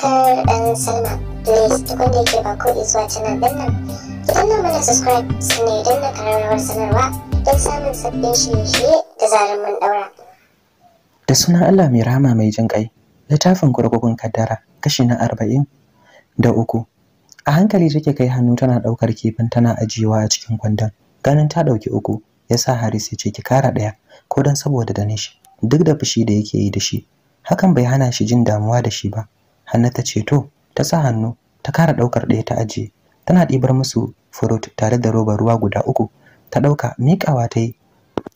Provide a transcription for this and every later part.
subscribe and sign up. Please tukun da yake ba ko zuwa canal din nan. Ki danna mana subscribe sannan idan na kararrawar sanarwa don samun sabbin shirye-shirye da zarar mun daura. Da sunan Allah mai rama mai jin ƙai, littafin kurkukun kaddara kashi na arba'in da uku. A hankali take kai hannu tana ɗaukar kifin tana ajiyewa a cikin kwandon. Ganin ta ɗauki uku, ya sa Haris ya ce ki kara ɗaya, ko don saboda Danish, duk da fushi da yake yi da shi. Hakan bai hana shi jin damuwa da shi ba, hanna ta ce to ta sa hannu ta kara daukar ɗaya ta ajiye tana ɗibar musu furut tare da roba ruwa guda uku ta dauka miƙawa ta yi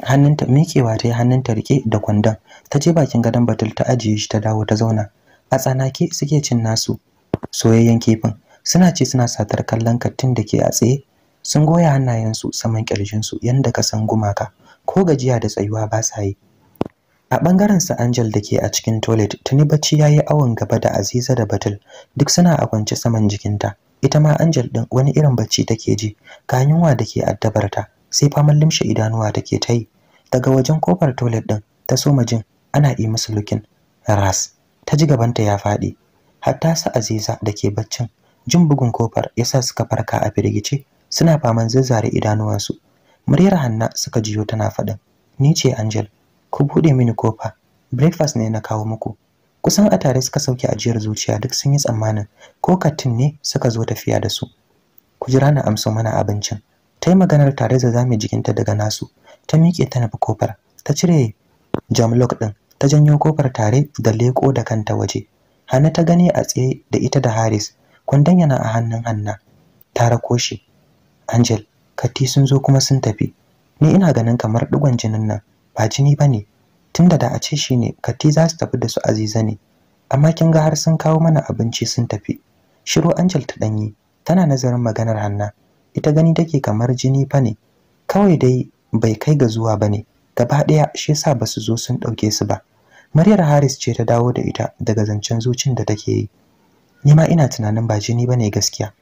hannunta miƙewa ta hannunta rike da kwandon ta je bakin gadon batul ta ajiye shi ta dawo ta zauna a tsanake suke cin nasu soyayyen kifin suna ci suna satar kallon kattin da ke a tsaye sun goya hannayensu saman ƙirjinsu yadda ka san gumaka ko gajiya da tsayuwa ba sa yi a bangaren sa Angel da ke a cikin toilet tuni bacci yayi awon gaba da Aziza da Batul duk suna a kwance saman jikinta ita ma Angel din wani irin bacci take ji Kayan yunwa da ke addabar ta sai faman limshe idanuwa take ta yi daga wajen kofar toilet din ta soma jin ana yi musu lukin ras ta ji gabanta ya faɗi hatta sa Aziza da ke baccin jin bugun kofar yasa suka farka a firgice suna faman zazzare idanuwansu muryar Hanna suka jiyo tana faɗin ni ce Angel ku buɗe mini kofa breakfast ne na kawo muku kusan a tare suka sauke ajiyar zuciya duk sun yi tsammanin ko katin ne suka zo tafiya da su ku jira na amsa mana abincin ta yi maganar tare da zame jikinta daga nasu ta miƙe ta nufi kofar ta cire jamlok ɗin ta janyo kofar tare da leƙo da kanta waje hanna ta gani a tsaye da ita da haris kwandon yana a hannun hanna ta rako angel katti sun zo kuma sun tafi ni ina ganin kamar digon jinin nan ba jini ba ne tunda da a ce shi ne katti za su tafi da su aziza ne amma kin ga har sun kawo mana abinci sun tafi shiru angel ta danyi tana nazarin maganar hanna ita gani take kamar jini fa ne kawai dai bai kai ga zuwa ba ne gaba ɗaya shi yasa ba su zo sun ɗauke su ba maryar haris ce ta dawo da ita daga zancen zucin da take yi ni ma ina tunanin ba jini ba ne gaskiya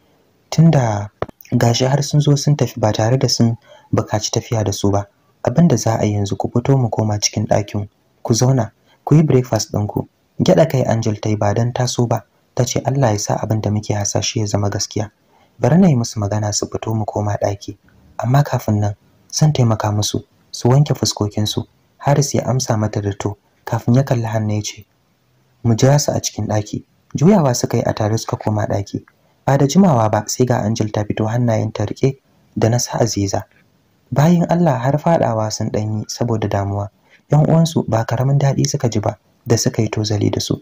tunda gashi har sun zo sun tafi ba tare da sun bukaci tafiya da su ba abin da za a yi yanzu ku fito mu koma cikin ɗakin ku zauna ku yi breakfast ɗinku gyaɗa kai angel ta yi ba don taso ba ta ce allah ya sa abin da muke hasashe ya zama gaskiya bari na yi musu magana su fito mu koma ɗaki amma kafin nan zan taimaka musu su wanke fuskokinsu haris ya amsa mata da to kafin ya kalli hannu ya ce mu jira su a cikin ɗaki juyawa suka yi a tare suka koma ɗaki ba da jimawa ba sai ga angel ta fito ta riƙe da na sa aziza bayan Allah har fadawa sun yi saboda damuwa yan uwansu ba karamin daɗi suka ji ba da suka yi tozali da su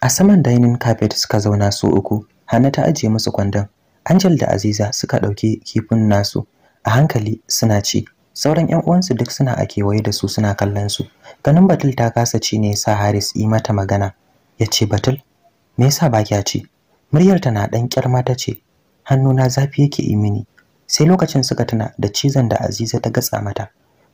a saman dining carpet suka zauna su uku Hana ta ajiye musu kwandon Angel da Aziza suka ɗauki kifin nasu a hankali suna ci sauran yan uwansu duk suna a kewaye da su suna kallon su ganin Batul ta kasa ci ne sa Haris yi mata magana yace Batul me yasa ba kya ci muryar ta na dan kyarma matace. ce hannuna zafi yake yi mini sai lokacin suka tuna da cizon da Aziza ta gatsa mata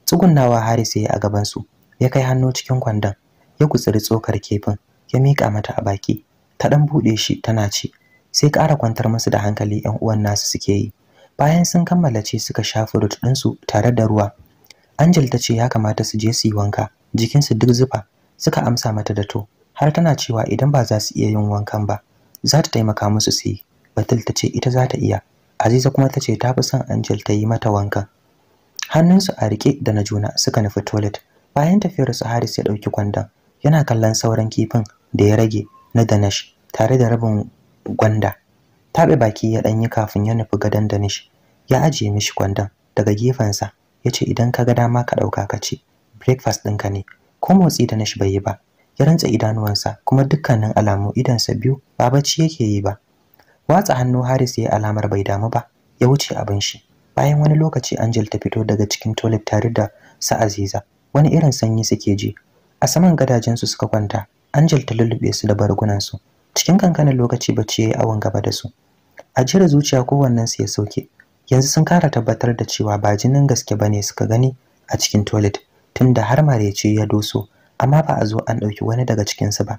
tsugunnawa Haris yayi a gaban su ya kai hannu cikin kwandon ya kutsiri tsokar kefin ya mika mata a baki ta dan bude shi tana ci sai ƙara kwantar musu da hankali ƴan uwan nasu suke yi bayan sun kammala ci suka sha furut su tare da ruwa Angel ta ce ya kamata su je su yi wanka jikinsu duk zufa suka amsa mata da to har tana cewa idan ba za su iya yin wankan ba za ta taimaka musu su yi batul ta ce ita za ta iya Aziza kuma ta ce ta fi son Angel ta yi mata wankan. Hannunsu a rike da na juna suka nufi toilet. Bayan tafiyar su Haris ya ɗauki kwandon, yana kallon sauran kifin da ya rage na Danish tare da rabin gwanda. Taɓe baki ya ɗanyi kafin ya nufi gadon Danish. Ya ajiye mishi kwandon daga gefensa ya ce idan ka ga dama ka ɗauka ka ce breakfast ɗinka ne ko motsi da bai yi ba ya rantsa idanuwansa kuma dukkanin alamu idansa biyu ba bacci yake yi ba watsa hannu Haris ya alamar bai damu ba ya wuce abin shi bayan wani lokaci Angel ta fito daga cikin toilet tare da sa Aziza wani irin sanyi suke ji a saman gadajen su suka kwanta Angel ta lullube su da bargunan su cikin kankanin lokaci bacci yayi awon gaba da su a jira zuciya kowannen su ya sauke yanzu sun kara tabbatar da cewa ba jinin gaske bane suka gani a cikin toilet tunda har marece ya doso amma ba a zo an ɗauki wani daga cikin su ba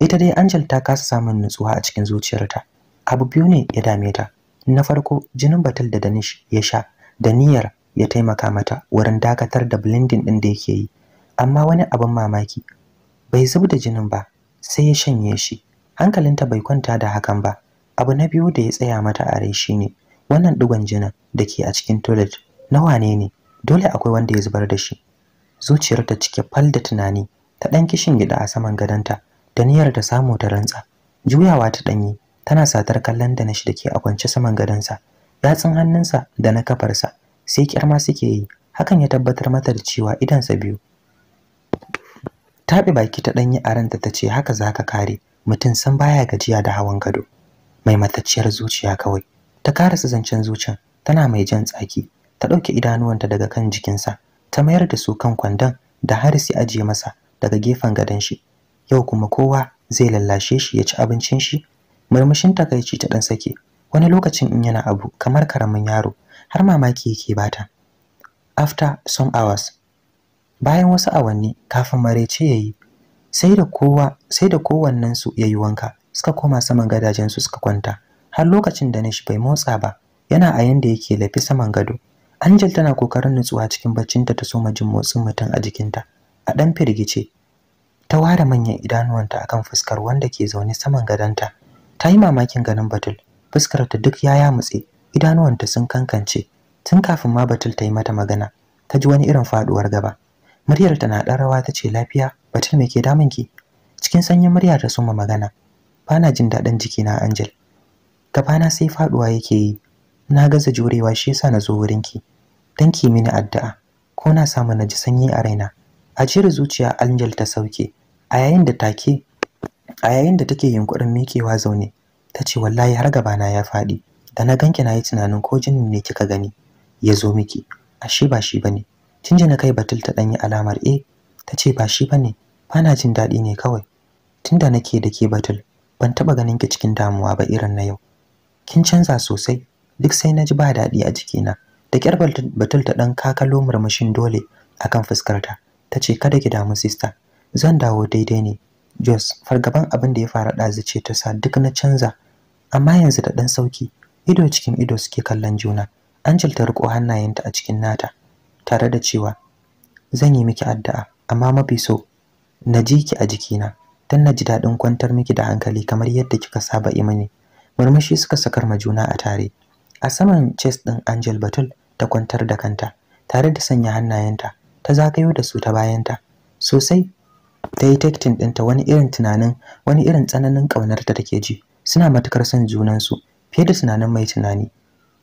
ita dai Angel ta kasa samun nutsuwa a cikin zuciyarta abu biyu ne ya dame ta na farko jinin batul da danish ya sha da niyyar ya taimaka mata wurin dakatar da blending din da yake yi amma wani abin mamaki bai zub da jinin ba sai ya shanye shi hankalinta bai kwanta da hakan ba abu na biyu da ya tsaya mata a rai shine wannan digon jinin da ke a cikin toilet na wane ne dole akwai wanda ya zubar da shi zuciyarta cike fal da tunani ta ɗan kishin gida a saman gadonta da niyyar ta samu ta rantsa juyawa ta ɗanyi tana satar kallon da na shi dake a kwance saman gadonsa yatsun hannunsa da na kafarsa sai kyarma suke yi hakan ya tabbatar mata da cewa idansa biyu taɓi baki ta ɗanyi a ranta ta ce haka za ka kare mutum san baya gajiya da hawan gado mai matacciyar zuciya kawai ta karasa zancen zuciyan tana mai jan tsaki ta ɗauke idanuwanta daga kan jikinsa ta mayar da su kan kwandon da har sai ajiye masa daga gefen gadon shi yau kuma kowa zai lallashe shi ya ci abincin shi murmushin takaici ta dan sake wani lokacin in yana abu kamar karamin yaro har mamaki yake bata after some hours bayan wasu awanni kafin marece yayi sai da kowa sai da kowannen su yayi wanka suka koma saman gadajen su suka kwanta har lokacin da Nish bai motsa ba yana a yanda yake lafi saman gado Angel tana kokarin nutsuwa cikin baccinta ta soma jin motsin mutum a jikinta a dan firgice ta ware manyan idanuwanta akan fuskar wanda ke zaune saman gadanta ta yi mamakin ganin batul fuskar duk ya yamutse idanuwanta sun kankance tun kafin ma batul ta yi mata magana ta ji wani irin faduwar gaba muryar ta na dan rawa ta ce lafiya batul me ke damun ki cikin sanyin murya ta suma magana bana jin daɗin jiki na, angel gabana sai faduwa yake yi na gaza jurewa shi yasa na zo wurin ki. dan ki mini addu'a ko na samu na ji sanyi a raina A jira zuciya angel ta sauke a yayin da take a yayin da take yunkurin mikewa zaune ta ce wallahi har gabana ya faɗi da na ganki na yi tunanin ko jinin ne kika gani ya zo miki ashe ba shi bane na kai batul ta danyi alamar e ta ce ba shi bane bana jin daɗi ne kawai tunda nake da ke batul ban taɓa ganin ki cikin damuwa ba irin na yau kin canza sosai duk sai na ji ba daɗi a jikina da kyar batul ta ɗan kakalo murmushin dole akan fuskarta ta ce kada ki damu sista zan dawo daidai ne Jos fargaban abin da ya fara ɗazu ce ta sa duk na canza amma yanzu da ɗan sauki ido cikin ido suke kallon juna Angel ta riko hannayenta a cikin nata tare da cewa zan yi miki addu'a amma mafi so na ji ki a jikina dan na ji daɗin kwantar miki da hankali kamar yadda kika saba yi murmushi suka sakar ma juna a tare a saman chest ɗin Angel Batul ta kwantar da kanta tare da sanya hannayenta ta zagayo da su ta bayanta sosai ta yi tektin ɗinta wani irin tunanin wani irin tsananin ƙaunar da take ji suna matukar son junansu fiye da tunanin mai tunani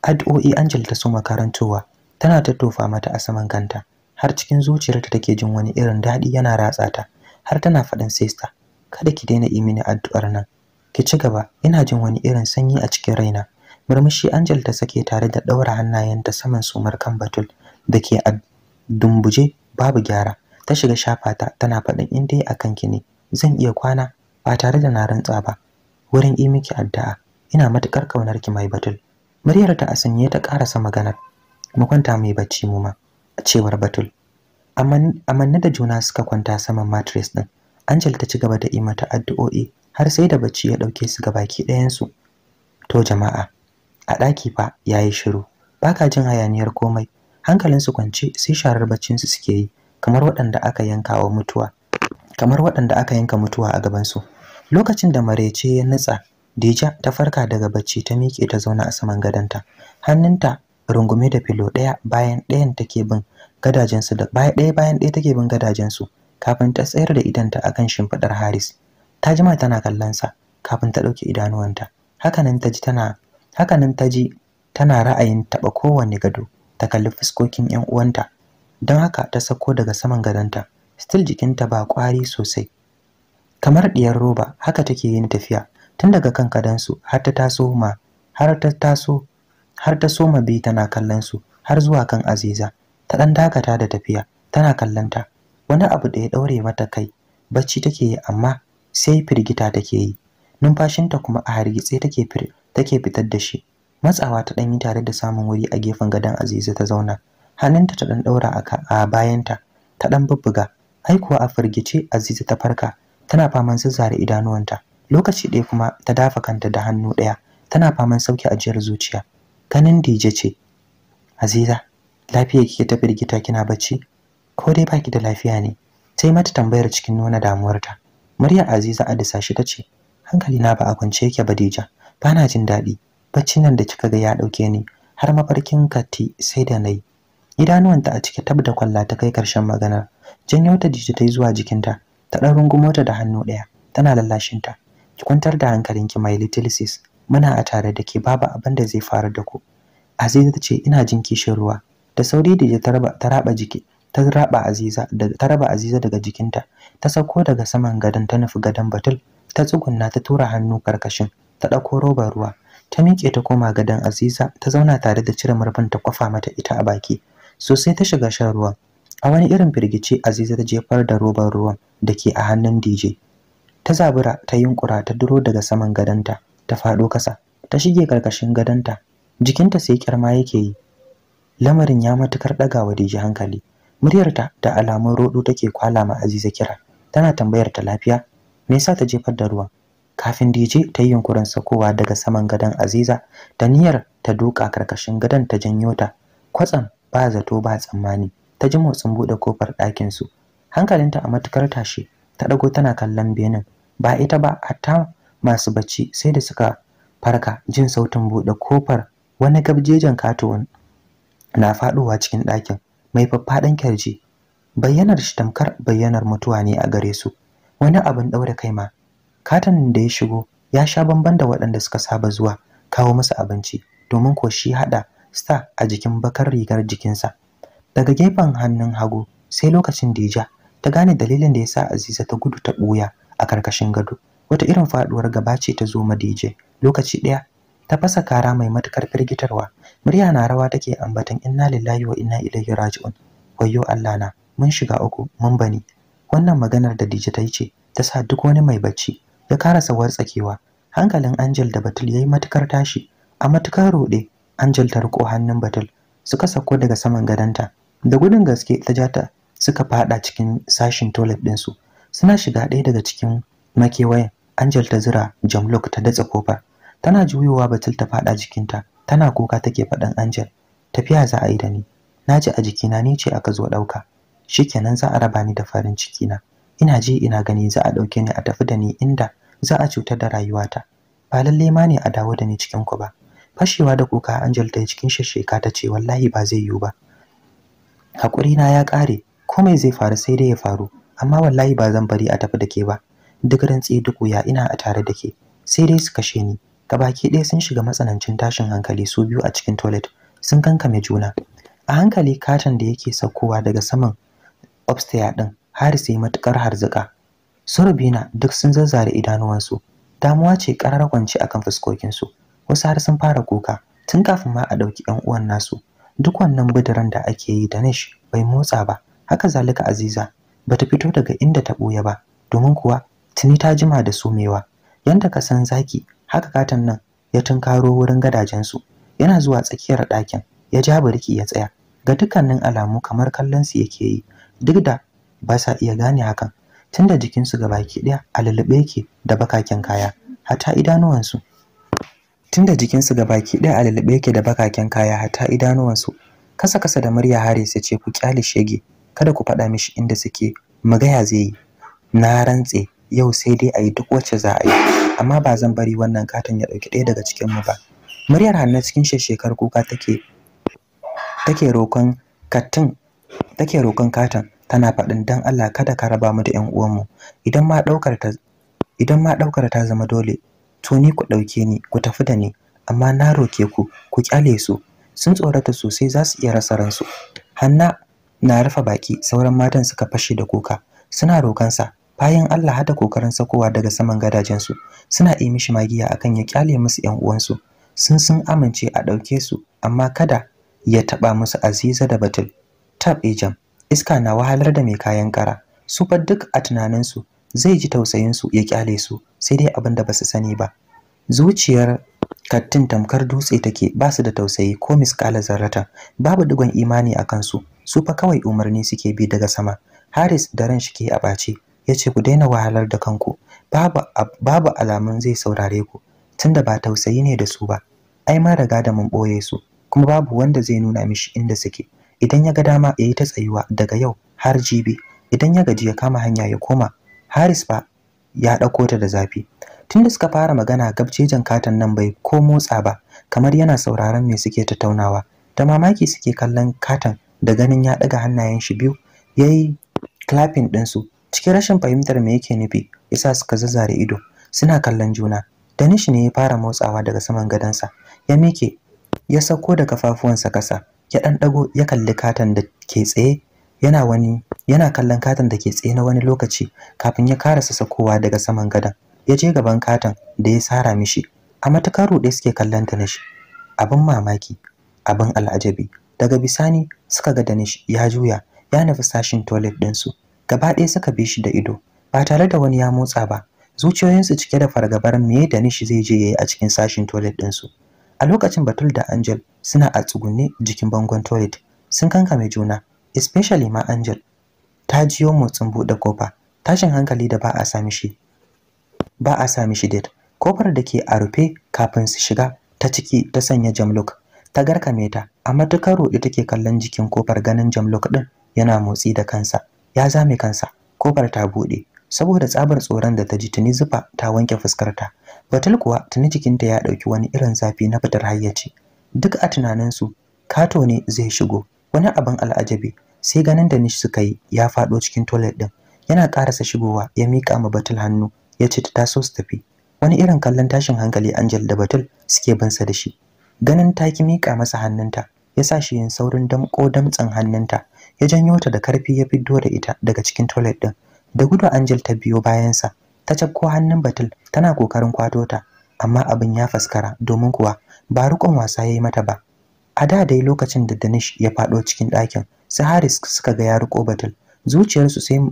addu'o'i angel ta so makarantowa tana tattofa mata a saman kanta har cikin zuciyarta take jin wani irin daɗi yana ratsa ta har tana faɗin sista kada ki daina yi mini addu'ar nan ki ci gaba ina jin wani irin sanyi a cikin raina murmushi angel ta sake tare da ɗaura hannayenta saman sumar kan batul da ke a dumbuje babu gyara ta shiga shafata tana faɗin in dai akan ki ne zan iya kwana ba tare da na rantsa ba wurin yi miki addu'a ina matukar kaunar ki mai batul muryar ta asanye ta karasa maganar mu kwanta mai bacci mu ma a cewar batul amanna da juna suka kwanta saman mattress din Anjel ta ci gaba da yi mata addu'o'i har sai da bacci ya dauke su ga baki ɗayansu. to jama'a a ɗaki fa yayi shiru baka jin hayaniyar komai hankalin su kwance sai sharar baccin su suke yi kamar waɗanda aka yanka wa mutuwa kamar waɗanda aka yanka mutuwa a gabansu lokacin da marece ya nutsa Dija ta farka daga bacci ta miƙe ta zauna a saman gadonta hannunta rungume da filo ɗaya bayan ɗayan take bin da baya ɗaya bayan ɗaya take bin gadajensu kafin ta tsayar da idanta akan shimfiɗar Haris ta jima tana kallon sa kafin ta ɗauke idanuwanta hakanan ta ji tana hakanan ta ji tana ra'ayin taɓa kowanne gado ta kalli fuskokin 'yan uwanta don haka ta sako daga saman gadonta still jikinta ba kwari sosai kamar diyar roba haka take yin tafiya tun daga kan kadansu har ta taso ma har ta taso har ta soma bi tana kallon su har zuwa kan Aziza ta dan dakata da tafiya tana kallonta wani abu da ya daure mata kai bacci take yi amma sai firgita take yi numfashinta kuma a hargitse take take fitar da shi matsawa ta dan yi tare da samun wuri a gefen gadon Aziza ta zauna hannunta ta dan daura a bayanta ta dan bubbuga ai kuwa a firgice Aziza ta farka tana faman zazzare idanuwanta lokaci ɗaya kuma ta dafa kanta da hannu ɗaya tana faman sauki ajiyar zuciya ganin dije ce Aziza lafiya kike ta firgita kina bacci ko dai baki da lafiya ne sai mata tambayar cikin nuna damuwarta Murya Aziza a dasashi ta ce hankali na ba a kwance yake ba Dija bana jin daɗi baccin nan da kika ga ya ɗauke ni har mafarkin kati sai da nayi idanuwanta a cike tab da kwalla ta kai karshen maganar janyo ta dije ta yi zuwa jikinta ta ɗan rungumota da hannu ɗaya tana lallashinta ki kwantar da hankalinki ki little sis muna a tare da ke babu abin da zai faru da ku aziza ta ce ina jin kishin ruwa da sauri da ta raba jiki ta raba aziza daga ta raba aziza daga jikinta ta sauko daga saman gadon ta nufi gadon batul ta tsugunna ta tura hannu karkashin ta ɗauko robar ruwa ta miƙe ta koma gadon aziza ta zauna tare da cire murfin ta kwafa mata ita a baki sosai ta shiga shan ruwan a wani irin firgice aziza ta jefar da roban ruwan da ke a hannun dj ta zabura ta yunkura ta duro daga saman gadonta ta faɗo kasa ta shige karkashin gadonta jikinta sai kyarma yake yi lamarin ya matukar wa dj hankali muryarta da alamun rodo take kwala ma aziza kira tana tambayar ta lafiya me yasa ta jefar da ruwan kafin dj ta yi yunkurin sakowa daga saman gadon aziza da niyyar ta duka karkashin gadon ta janyo ta kwatsam ba zato ba tsammani ta ji motsin buɗe kofar ɗakin su hankalinta a matukar tashi ta ɗago tana kallon benin ba ita ba hatta masu bacci sai da suka farka jin sautin buɗe kofar wani gabjejen katon na faɗowa cikin ɗakin mai faffaɗan kyarji bayyanar shi tamkar bayyanar mutuwa ne a gare su wani abin ɗaure kai ma katon da ya shigo ya sha bamban da waɗanda suka saba zuwa kawo musu abinci domin ko shi haɗa star a jikin bakar rigar jikinsa daga gefen hannun hagu sai lokacin da ta gane dalilin da ya sa aziza ta gudu ta ɓuya a karkashin gado wata irin faɗuwar gaba ce ta zo ma dj lokaci ɗaya ta fasa kara mai matukar firgitarwa murya na rawa take ambatan inna lillahi wa inna ilaihi raji'un wayyo allah na mun shiga uku mun bani wannan maganar da dj ta yi ce ta sa duk wani mai bacci ya karasa wartsakewa hankalin angel da batul ya yi matukar tashi a matukar roɗe Angel ta riko hannun Batul suka sako daga saman gadanta da gudun gaske ta jata suka fada cikin sashin toilet din su suna shiga ɗaya daga cikin makewayen Angel ta zira Jamlok ta datsa kofar tana juyowa Batul ta fada jikinta tana kuka take faɗan Angel tafiya za a yi da ni naji a jikina ni ce aka zo ɗauka shikenan za a raba ni da farin ciki na ina je ina gani za a ɗauke ni a tafi da ni inda za a cutar da rayuwata ba lalle ma ne a dawo da ni cikin ku ba fashewa da kuka Angel ta cikin shasheka ta ce wallahi ba zai yiwu ba hakuri na ya kare komai zai faru sai dai ya faru amma wallahi ba zan bari a tafi da ke ba duk rantsi duk wuya ina a tare da ke sai dai su kashe ni gabaki ɗaya sun shiga matsanancin tashin hankali su biyu a cikin toilet sun kankame juna a hankali katon da yake saukowa daga saman upstairs din har sai matukar harzuka su duk sun zazzare idanuwansu damuwa ce karar kwanci akan fuskokinsu wasu har sun fara kuka tun kafin ma a ɗauki 'yan uwan nasu duk wannan bidiran da ake yi da nish bai motsa ba haka zalika aziza bata fito daga inda ta ɓuya ba domin kuwa tuni ta jima da sumewa yanda ka san zaki haka katan nan ya tunkaro wurin gadajensu yana zuwa tsakiyar ɗakin ya ja birki ya tsaya ga dukkanin alamu kamar kallon su yake yi duk da ba sa iya gane hakan tunda jikinsu gabaki ɗaya a lulluɓe yake da bakaken kaya hata idanuwansu tunda jikinsu ga baki ɗaya a lalube yake da bakaken kaya hata idanuwansu kasa kasa da murya hare su ce ku kyale shege kada ku faɗa mishi inda suke mu ya zai yi na rantse yau sai dai a yi duk wacce za a yi amma ba zan bari wannan katon ya ɗauki ɗaya daga cikin mu ba muryar hannu cikin shekar kuka take take roƙon katin take roƙon katon tana faɗin dan Allah kada ka raba mu da ƴan uwanmu idan ma ɗaukar ta idan ma ɗaukar ta zama dole to ni ku ɗauke ni ku tafi da ni amma na roke ku ku kyale su sun tsorata sosai za su iya rasa ransu hanna na rufe baki sauran matan suka fashe da kuka suna sa bayan Allah hada kokarin sakowa daga saman gadajensu suna yi mishi magiya akan ya kyale musu ƴan uwansu sun sun amince a ɗauke su amma kada ya taɓa musu Aziza da Batul tab ejam eh, iska na wahalar da mai kayan kara su fa duk a tunanin su zai ji tausayinsu ya kyale su sai dai abin da basu sani ba zuciyar kattin tamkar dutse take ba su da tausayi ko miskala zarrata babu digon imani a kansu su fa kawai umarni suke bi daga sama haris da ran shi ke a ɓace ya ce ku daina wahalar da kanku babu babu alamun zai saurare ku tunda ba tausayi ne da su ba ai ma riga da mun ɓoye su kuma babu wanda zai nuna mishi inda suke idan ya ga dama ya yi ta tsayuwa daga yau har jibi idan ya gaji ya kama hanya ya koma haris ba ya ɗauko ta da zafi tunda suka fara magana gabcejan katon nan bai ko motsa ba kamar yana sauraron me suke tattaunawa da mamaki suke kallon katon da ganin ya ɗaga hannayen shi biyu ya yi clapping ɗinsu cikin rashin fahimtar me yake nufi yasa suka zazzare ido suna kallon juna danish ne ya fara motsawa daga saman gadonsa ya mike ya sauko da kafafuwansa kasa ya ɗanɗago ya kalli katon da ke tsaye yana wani yana kallon katon da ke tsaye na wani lokaci kafin ya karasa sakowa daga saman gadon ya je gaban katon da ya sara mishi a matakar rude suke kallon danish abin mamaki abin al'ajabi daga bisani suka ga danish ya juya ya nufi sashin toilet ɗinsu gaba ɗaya suka bi shi da ido ba tare da wani ya motsa ba zuciyoyinsu cike da fargabar me danish zai je yayi a cikin sashin toilet ɗinsu a lokacin batul da angel suna a tsugunne jikin bangon toilet sun kankame juna especially ma angel ta jiyo motsin buɗe kofa tashin hankali da ba a sami shi ba a sami shi det kofar da ke a rufe kafin su shiga ta ciki ta sanya jamlok ta garkame ta amma ta karo take kallon jikin kofar ganin jamluk din yana motsi da kansa ya zame kansa kofar ta buɗe saboda tsabar tsoron da ta ji tuni zufa ta wanke fuskarta batul kuwa tuni jikinta ya ɗauki wani irin zafi na fitar hayyaci duk a tunaninsu kato ne zai shigo wani abin al'ajabi sai ganin da nish suka yi ya faɗo cikin toilet ɗin yana ƙarasa shigowa ya mika ma batul hannu ya ce ta taso su tafi wani irin kallon tashin hankali angel da batul suke bansa da shi ganin ta ki mika masa hannunta ya sa shi yin saurin damƙo damtsan hannunta ya janyo ta da karfi ya fiddo da ita daga cikin toilet ɗin da gudu angel ta biyo bayansa ta cakko hannun batul tana kokarin kwato ta amma abin ya faskara domin kuwa ba rikon wasa ya yi mata ba a da dai lokacin da danish ya faɗo cikin ɗakin su haris suka ga ya riko batul zuciyarsu sai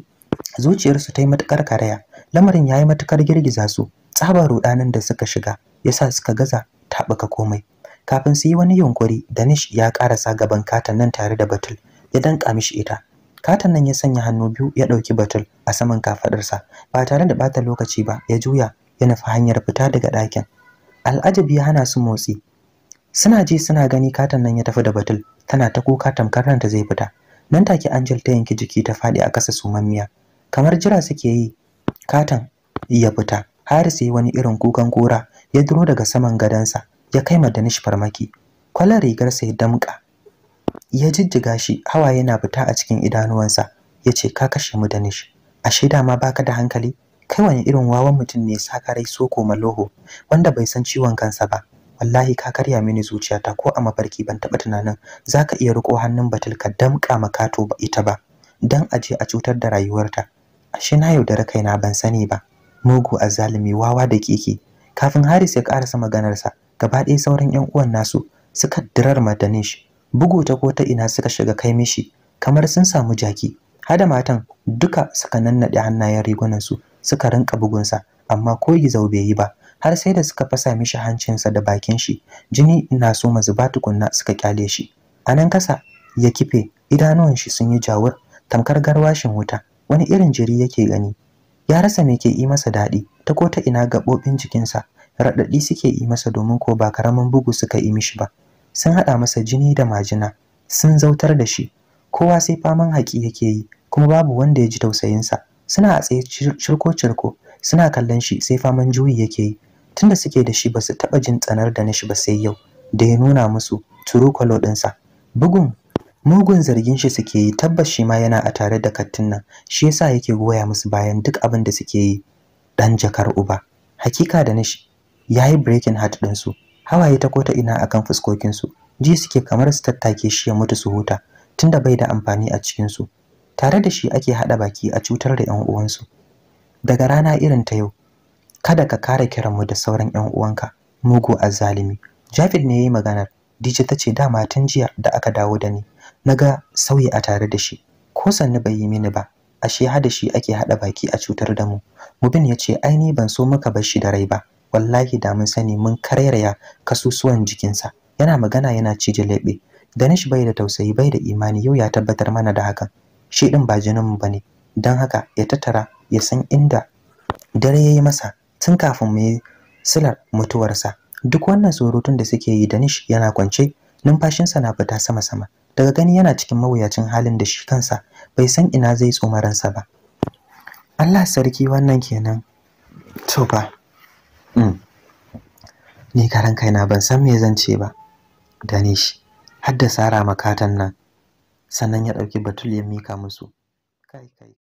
zuciyarsu ta yi matukar karaya lamarin ya yi matukar girgiza su tsabar rudanin da suka shiga yasa suka gaza tabuka komai kafin su yi wani yunkuri danish ya karasa gaban katan nan tare da batul ya danka mishi ita katan nan ya sanya hannu biyu ya ɗauki batul a saman kafaɗarsa ba tare da bata lokaci ba ya juya ya nufi hanyar fita daga dakin al'ajabi ya hana su motsi suna ji suna gani katon nan ya tafi da batul tana ta kuka tamkar ranta zai fita nan take angel ta yanki jiki ta faɗi a ƙasa sumammiya kamar jira suke yi katon ya fita har sai wani irin kukan kora ya duro daga saman gadansa ya kai ma danish farmaki kwalar rigarsa ya damka ya jijjiga shi hawa yana fita a cikin idanuwansa ya ce ka kashe mu danish ashe dama baka da hankali kai wani irin wawan mutum ne saka rai soko maloho wanda bai san ciwon kansa ba wallahi ka karya mini zuciyata ko a mafarki ban taɓa tunanin zaka iya riko hannun batul ka damƙa makato ba ita ba dan aje a cutar da rayuwarta ashe na yaudara kaina ban sani ba mugu azzalumi wawa da kiki kafin haris ya maganar maganarsa gaba ɗaya sauran 'yan uwan nasu suka dirar madanish bugu ta ko ta ina suka shiga kai mishi kamar sun samu jaki hada matan duka suka nannaɗe hannayen rigunansu suka rinka bugunsa amma ko gizo bai yi ba har sai da suka fasa mishi hancinsa da bakin shi jini na so ma zuba tukunna suka kyale shi a nan kasa ya kife idanuwan shi sun yi jawur tamkar garwashin wuta wani irin jiri yake gani ya rasa me ke yi masa daɗi ta ko ta ina gaɓoɓin jikinsa raɗaɗi suke yi masa domin ko ba karamin bugu suka yi mishi ba sun haɗa masa jini da majina sun zautar da shi kowa sai faman haƙi yake yi kuma babu wanda ya ji tausayinsa suna a tsaye cirko-cirko suna kallon shi sai faman juyi yake yi tunda suke da shi ba su taɓa jin tsanar da nashi ba sai yau da ya nuna musu turukolo ɗinsa bugun mugun zargin shi suke yi tabbas shi ma yana a tare da kattin nan shi yasa yake goya musu bayan duk abin da suke yi dan jakar uba hakika da nashi yayi breaking heart su hawaye ta kota ina akan fuskokinsu ji suke kamar su tattake shi ya mutu su huta tunda bai da amfani a cikin su tare da shi ake haɗa baki a cutar da 'yan uwansu daga rana irin ta yau kada ka kare kiran mu da sauran ƴan uwanka mugu azzalimi Jafid ne yayi maganar Dije ta ce dama tun jiya da aka dawo da ni naga sauyi a tare da shi ko sanni bai yi mini ba ashe hada shi ake hada baki a cutar da mu Mubin ya ce ai ni ban so maka bar shi da rai ba wallahi da mun sani mun karairaya kasusuwan jikinsa yana magana yana cije lebe Danish bai da tausayi bai da imani yau ya tabbatar mana da haka shi din ba jinin mu bane dan haka ya tattara ya san inda dare yayi masa tun kafin mu yi silar mutuwarsa duk wannan surutun da suke yi danish yana kwance numfashinsa na fita sama-sama daga gani yana cikin mawuyacin halin da shi kansa bai san ina zai tsoma ransa ba Allah sarki wannan kenan to ba mm. ni karan kaina ban san me zan ce ba danish har da sara makatan nan sannan ya ɗauki batul ya mika musu kai kai